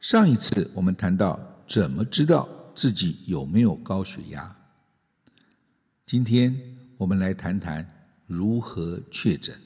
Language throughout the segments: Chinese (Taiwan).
上一次我們談到怎麼知道自己有沒有高血壓，今天我們來談談如何確診。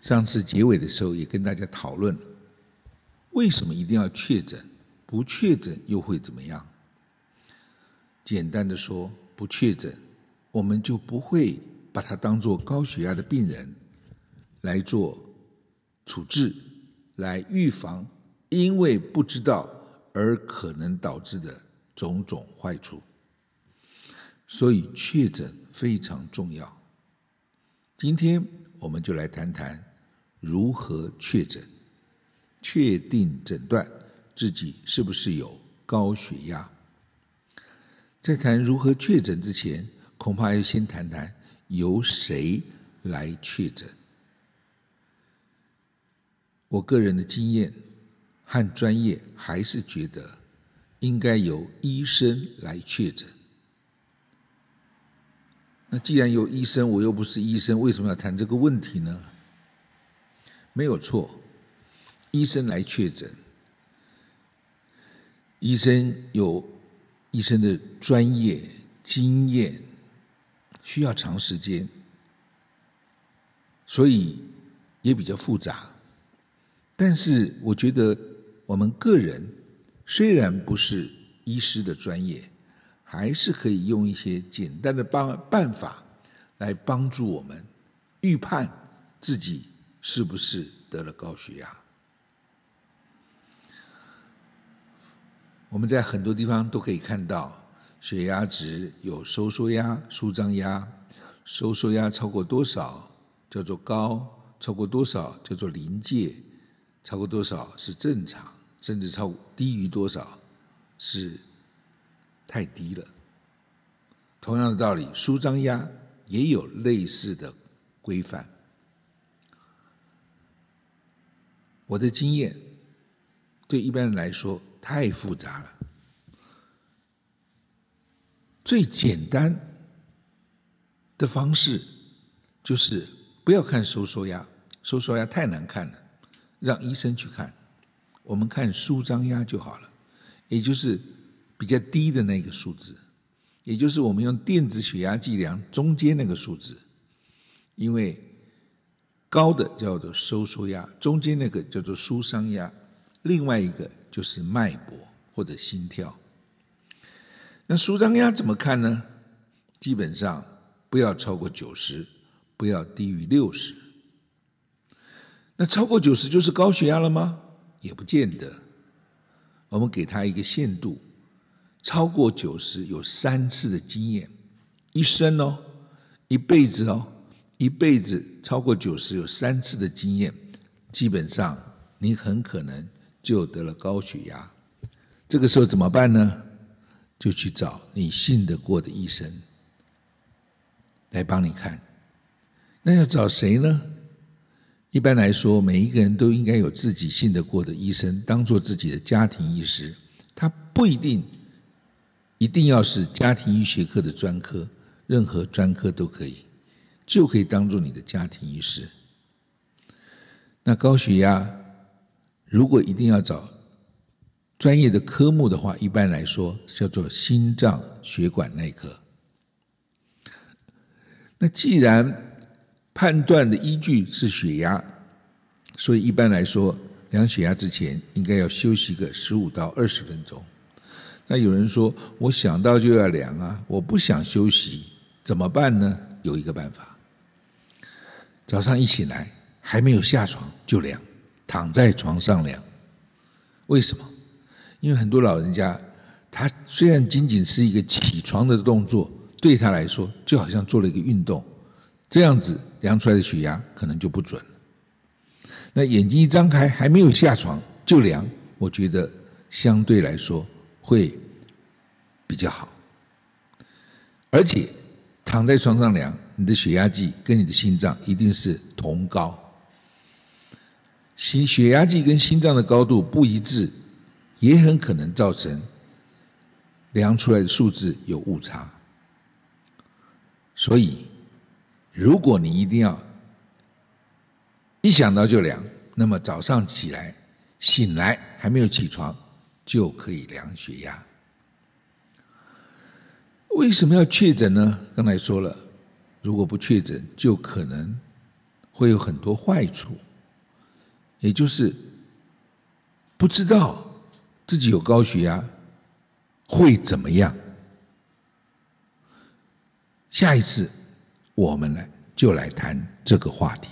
上次結尾的時候也跟大家討論了，為什麼一定要確診？不確診又會怎麼樣？簡單的說，不確診，我們就不會把它當做高血壓的病人來做處置、來預防。因為不知道而可能導致的種種壞處，所以確診非常重要。今天我們就來談談如何確診，確定診斷自己是不是有高血壓。在談如何確診之前，恐怕要先談談由誰來確診。我個人的經驗。和專業還是覺得應該由醫生來確診。那既然有醫生，我又不是醫生，為什麼要談這個問題呢？沒有錯，醫生來確診，醫生有醫生的專業經驗，需要長時間，所以也比較複雜。但是我覺得。我們個人雖然不是醫師的專業，還是可以用一些簡單的辦辦法來幫助我們預判自己是不是得了高血壓。我們在很多地方都可以看到血壓值有收縮壓、舒張壓，收縮壓超過多少叫做高，超過多少叫做臨界。超過多少是正常，甚至超低於多少是太低了。同樣的道理，舒張壓也有類似的規範。我的經驗對一般人來說太複雜了。最簡單的方式就是不要看收縮壓，收縮壓太難看了。讓醫生去看，我們看舒張壓就好了，也就是比較低的那個數字，也就是我們用電子血壓計量中間那個數字，因為高的叫做收縮壓，中間那個叫做舒張壓，另外一個就是脈搏或者心跳。那舒張壓怎麼看呢？基本上不要超過90，不要低於60。那超過九十就是高血壓了嗎？也不見得。我們給他一個限度，超過九十有三次的經驗，一生哦，一輩子哦，哦，一輩子超過九十有三次的經驗，基本上你很可能就得了高血壓。這個時候怎麼辦呢？就去找你信得過的醫生來幫你看。那要找誰呢？一般來說，每一個人都應該有自己信得過的醫生，當做自己的家庭醫師。他不一定一定要是家庭醫學科的專科，任何專科都可以，就可以當做你的家庭醫師。那高血壓，啊，如果一定要找專業的科目的話，一般來說叫做心臟血管內科。那既然判斷的依據是血壓，所以一般來說，量血壓之前應該要休息個十五到二十分鐘。那有人說：“我想到就要量啊，我不想休息，怎麼辦呢？”有一個辦法，早上一起來還沒有下床就量，躺在床上量。為什麼？因為很多老人家，他雖然僅僅是一個起床的動作，對他來說就好像做了一個運動。這樣子量出來的血壓可能就不準了。那眼睛一張開，還沒有下床就量，我覺得相對來說會比較好。而且躺在床上量，你的血壓計跟你的心臟一定是同高。心血壓計跟心臟的高度不一致，也很可能造成量出來的數字有誤差。所以。如果你一定要一想到就量，那麼早上起來醒來還沒有起床就可以量血壓。為什麼要確診呢？剛才說了，如果不確診，就可能會有很多壞處，也就是不知道自己有高血壓會怎麼樣。下一次。我們呢，就來談這個話題。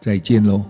再見嘍。